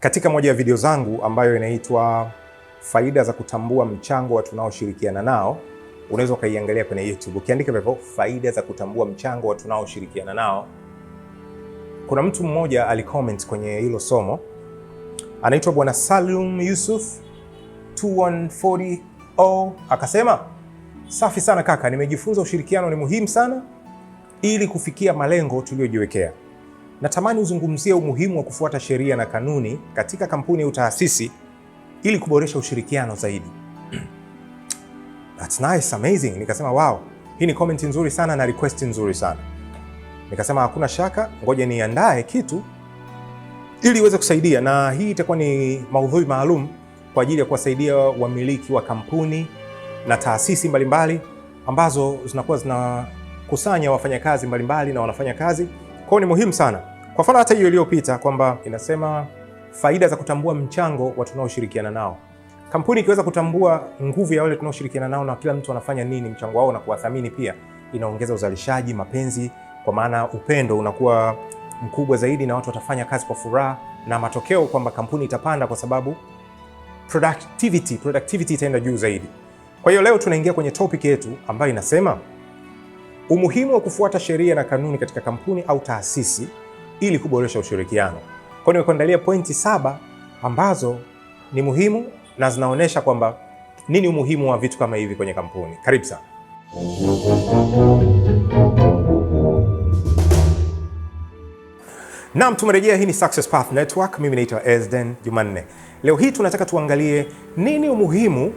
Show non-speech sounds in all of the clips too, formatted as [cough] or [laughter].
Katika moja ya video zangu ambayo inaitwa faida za kutambua mchango wa tunaoshirikiana nao, unaweza ukaiangalia kwenye YouTube ukiandika hivyo, faida za kutambua mchango wa tunaoshirikiana nao. Kuna mtu mmoja alicomment kwenye hilo somo, anaitwa Bwana Salum Yusuf 2140 akasema, safi sana kaka, nimejifunza ushirikiano ni muhimu sana ili kufikia malengo tuliyojiwekea. Natamani uzungumzie umuhimu wa kufuata sheria na kanuni katika kampuni au taasisi ili kuboresha ushirikiano zaidi. [clears throat] That's nice, amazing. Nikasema wow, hii ni comment nzuri sana na request nzuri sana. Nikasema hakuna shaka, ngoja niandae kitu ili iweze kusaidia, na hii itakuwa ni maudhui maalum kwa ajili ya kuwasaidia wamiliki wa kampuni na taasisi mbalimbali mbali, ambazo zinakuwa zinakusanya wafanyakazi mbalimbali na wanafanya kazi hiyo ni muhimu sana. Kwa mfano hata hiyo iliyopita kwamba inasema faida za kutambua mchango wa tunaoshirikiana nao. Kampuni ikiweza kutambua nguvu ya wale tunaoshirikiana nao na kila mtu anafanya nini, mchango wao, na kuwathamini pia, inaongeza uzalishaji, mapenzi, kwa maana upendo unakuwa mkubwa zaidi, na watu watafanya kazi kwa furaha, na matokeo kwamba kampuni itapanda kwa sababu productivity, productivity itaenda juu zaidi. Kwa hiyo leo tunaingia kwenye topic yetu ambayo inasema Umuhimu wa kufuata sheria na kanuni katika kampuni au taasisi ili kuboresha ushirikiano. Kwa nimekuandalia pointi saba ambazo ni muhimu na zinaonyesha kwamba nini umuhimu wa vitu kama hivi kwenye kampuni. Karibu sana. Naam, tumerejea. Hii ni Success Path Network. Mimi naitwa Esden Jumanne. Leo hii tunataka tuangalie nini umuhimu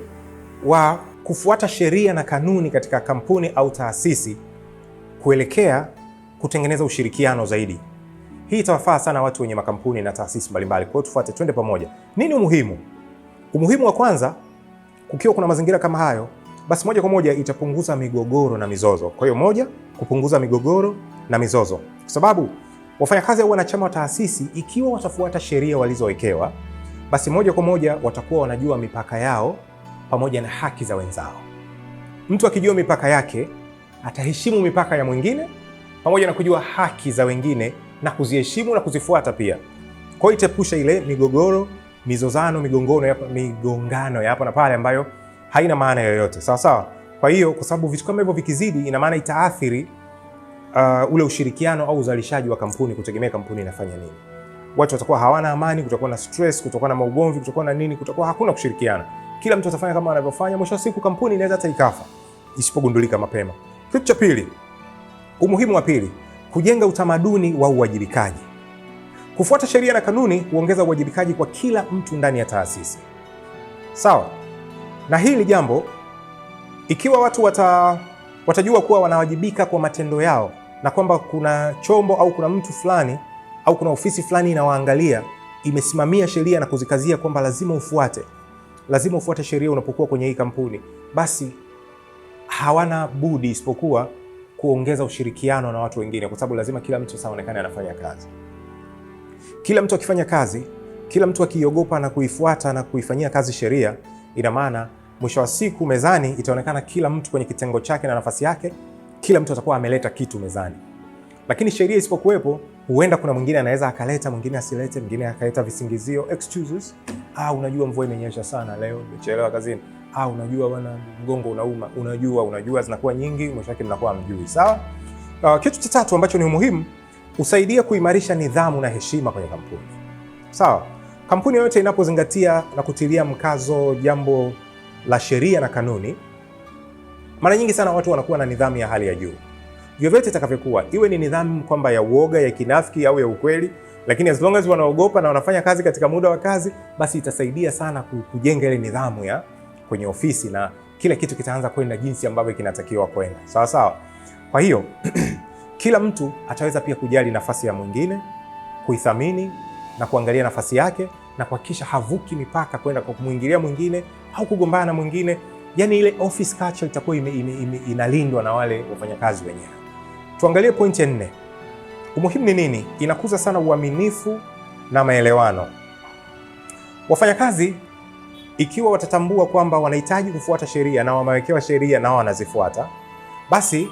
wa kufuata sheria na kanuni katika kampuni au taasisi kuelekea kutengeneza ushirikiano zaidi. Hii itawafaa sana watu wenye makampuni na taasisi mbalimbali. Kwa hiyo tufuate, twende pamoja. Nini umuhimu? Umuhimu wa kwanza, kukiwa kuna mazingira kama hayo, basi moja kwa moja itapunguza migogoro na mizozo. Kwa hiyo moja, kupunguza migogoro na mizozo, kwa sababu wafanyakazi au wanachama wa taasisi ikiwa watafuata sheria walizowekewa, basi moja kwa moja watakuwa wanajua mipaka yao pamoja na haki za wenzao. Mtu akijua mipaka yake ataheshimu mipaka ya mwingine pamoja na kujua haki za wengine na kuziheshimu na kuzifuata pia. Kwa hiyo itepusha ile migogoro, mizozano, migongono ya, migongano ya hapa na pale ambayo haina maana yoyote, sawa sawa. Kwa hiyo kwa sababu vitu kama hivyo vikizidi, ina maana itaathiri uh, ule ushirikiano au uzalishaji wa kampuni, kutegemea kampuni inafanya nini. Watu watakuwa hawana amani, kutakuwa na stress, kutakuwa na maugomvi, kutakuwa na nini, kutakuwa hakuna kushirikiana, kila mtu atafanya kama anavyofanya. Mwisho wa siku kampuni inaweza hata ikafa isipogundulika mapema. Kitu cha pili, umuhimu wa pili, kujenga utamaduni wa uwajibikaji. Kufuata sheria na kanuni huongeza uwajibikaji kwa kila mtu ndani ya taasisi, sawa na hili jambo. Ikiwa watu wata, watajua kuwa wanawajibika kwa matendo yao na kwamba kuna chombo au kuna mtu fulani au kuna ofisi fulani inawaangalia, imesimamia sheria na kuzikazia kwamba lazima ufuate, lazima ufuate sheria unapokuwa kwenye hii kampuni, basi hawana budi isipokuwa kuongeza ushirikiano na watu wengine, kwa sababu lazima kila mtu saonekane anafanya kazi. Kila mtu akifanya kazi, kila mtu akiogopa na kuifuata na kuifanyia kazi sheria, ina maana mwisho wa siku mezani itaonekana kila mtu kwenye kitengo chake na nafasi yake, kila mtu atakuwa ameleta kitu mezani. Lakini sheria isipokuwepo, huenda kuna mwingine anaweza akaleta, mwingine asilete, mwingine akaleta visingizio excuses. Ah, unajua mvua imenyesha sana leo, nimechelewa kazini ah, unajua bwana, mgongo unauma, unajua unajua, zinakuwa nyingi, mwisho wake mnakuwa mjui. Sawa. Uh, kitu cha tatu ambacho ni muhimu, usaidia kuimarisha nidhamu na heshima kwenye kampuni. Sawa. Kampuni yoyote inapozingatia na kutilia mkazo jambo la sheria na kanuni, mara nyingi sana watu wanakuwa na nidhamu ya hali ya juu. Vyovyote itakavyokuwa, iwe ni nidhamu kwamba ya uoga, ya kinafiki au ya ukweli, lakini as long as wanaogopa na wanafanya kazi katika muda wa kazi, basi itasaidia sana kujenga ile nidhamu ya kwenye ofisi na kila kitu kitaanza kwenda jinsi ambavyo kinatakiwa kwenda sawa sawa. Kwa hiyo [clears throat] kila mtu ataweza pia kujali nafasi ya mwingine, kuithamini na kuangalia nafasi yake na kuhakikisha havuki mipaka kwenda kwa kumwingilia mwingine au kugombana na mwingine. Yani ile office culture itakuwa inalindwa na wale wafanyakazi wenyewe. Tuangalie pointi ya nne. Umuhimu ni nini? Inakuza sana uaminifu na maelewano. Wafanyakazi ikiwa watatambua kwamba wanahitaji kufuata sheria na wamewekewa sheria na wanazifuata, basi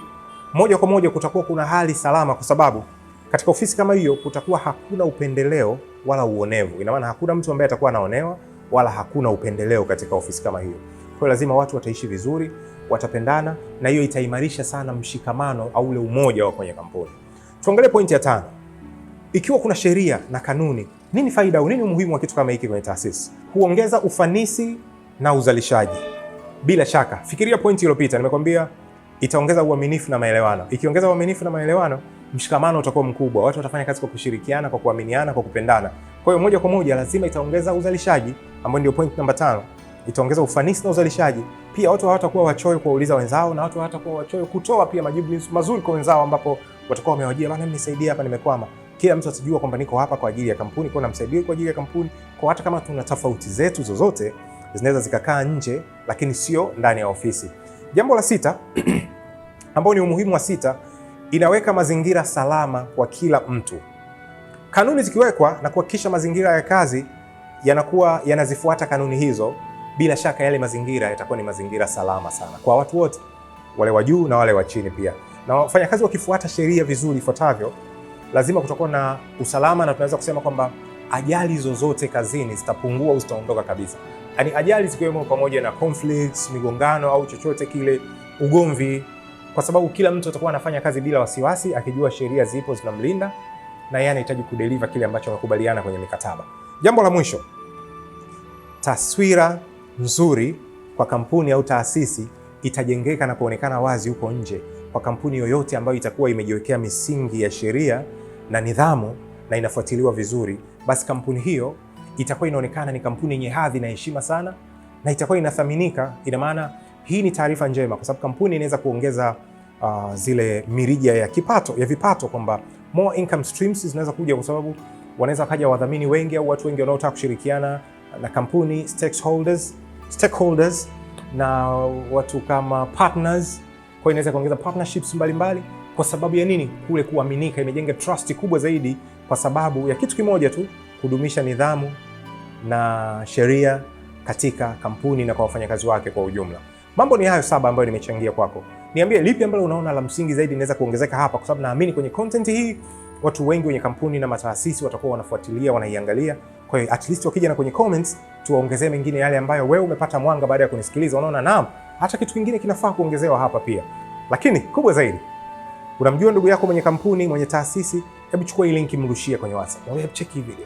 moja kwa moja kutakuwa kuna hali salama, kwa sababu katika ofisi kama hiyo kutakuwa hakuna upendeleo wala uonevu. Ina maana hakuna mtu ambaye atakuwa anaonewa wala hakuna upendeleo katika ofisi kama hiyo. Kwa hiyo lazima watu wataishi vizuri, watapendana, na hiyo itaimarisha sana mshikamano au ule umoja wa kwenye kampuni. Tuangalie pointi ya tano. Ikiwa kuna sheria na kanuni nini faida au nini umuhimu wa kitu kama hiki kwenye taasisi? Huongeza ufanisi na uzalishaji. Bila shaka, fikiria pointi iliyopita, nimekwambia itaongeza uaminifu na maelewano. Ikiongeza uaminifu na maelewano, mshikamano utakuwa mkubwa, watu watafanya kazi kwa kushirikiana, kwa kuaminiana, kwa kupendana. Kwa hiyo moja kwa moja lazima itaongeza uzalishaji, ambayo ndio point namba tano. Itaongeza ufanisi na uzalishaji. Pia watu hawatakuwa wachoyo kuwauliza wenzao, na watu hawatakuwa wachoyo kutoa pia majibu mazuri kwa wenzao, ambapo watakuwa wamewajia bana, mnisaidie hapa, nimekwama kila mtu atajua kwamba niko hapa kwa ajili ya kampuni, kwa namsaidia kwa ajili ya kampuni, kwa hata kama tuna tofauti zetu zozote zinaweza zikakaa nje, lakini sio ndani ya ofisi. Jambo la sita [clears throat] ambao ni umuhimu wa sita, inaweka mazingira salama kwa kila mtu. Kanuni zikiwekwa na kuhakikisha mazingira ya kazi yanakuwa yanazifuata kanuni hizo, bila shaka yale mazingira yatakuwa ni mazingira salama sana kwa watu wote, wale wa juu na wale wa chini pia, na wafanyakazi wakifuata sheria vizuri ifuatavyo lazima kutakuwa na usalama, na tunaweza kusema kwamba ajali zozote kazini zitapungua au zitaondoka kabisa. Yaani ajali zikiwemo pamoja na conflicts, migongano au chochote kile, ugomvi, kwa sababu kila mtu atakuwa anafanya kazi bila wasiwasi, akijua sheria zipo zinamlinda, na yeye anahitaji kudeliver kile ambacho amekubaliana kwenye mikataba. Jambo la mwisho, taswira nzuri kwa kampuni au taasisi itajengeka na kuonekana wazi huko nje kwa kampuni yoyote ambayo itakuwa imejiwekea misingi ya sheria na nidhamu na inafuatiliwa vizuri, basi kampuni hiyo itakuwa inaonekana ni kampuni yenye hadhi na heshima sana na itakuwa inathaminika. Ina maana hii ni taarifa njema, kwa sababu kampuni inaweza kuongeza uh, zile mirija ya kipato ya vipato, kwamba more income streams zinaweza kuja, kwa sababu wanaweza kaja wadhamini wengi au watu wengi wanaotaka kushirikiana na kampuni stakeholders, stakeholders na watu kama partners, kwa inaweza kuongeza partnerships mbalimbali mbali. Kwa sababu ya nini? Kule kuaminika, imejenga trust kubwa zaidi kwa sababu ya kitu kimoja tu, kudumisha nidhamu na sheria katika kampuni na kwa wafanyakazi wake kwa ujumla. Mambo ni hayo saba ambayo nimechangia kwako. Niambie lipi ambalo unaona la msingi zaidi inaweza kuongezeka hapa, kwa sababu naamini kwenye content hii watu wengi wenye kampuni na mataasisi watakuwa wanafuatilia, wanaiangalia. Kwa hiyo at least wakija na kwenye comments tuwaongezee mengine yale ambayo wewe umepata mwanga baada ya kunisikiliza, unaona naam, hata kitu kingine kinafaa kuongezewa hapa pia. Lakini kubwa zaidi Unamjua ndugu yako mwenye kampuni, mwenye taasisi, hebu chukua hii linki, mrushie kwenye WhatsApp, mwambie hebu cheki hii video,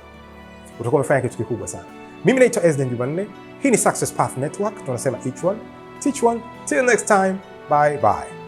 utakuwa umefanya kitu kikubwa sana. Mimi naitwa Ezden Jumanne, hii ni Success Path Network, tunasema each one teach one. Till next time, bye bye.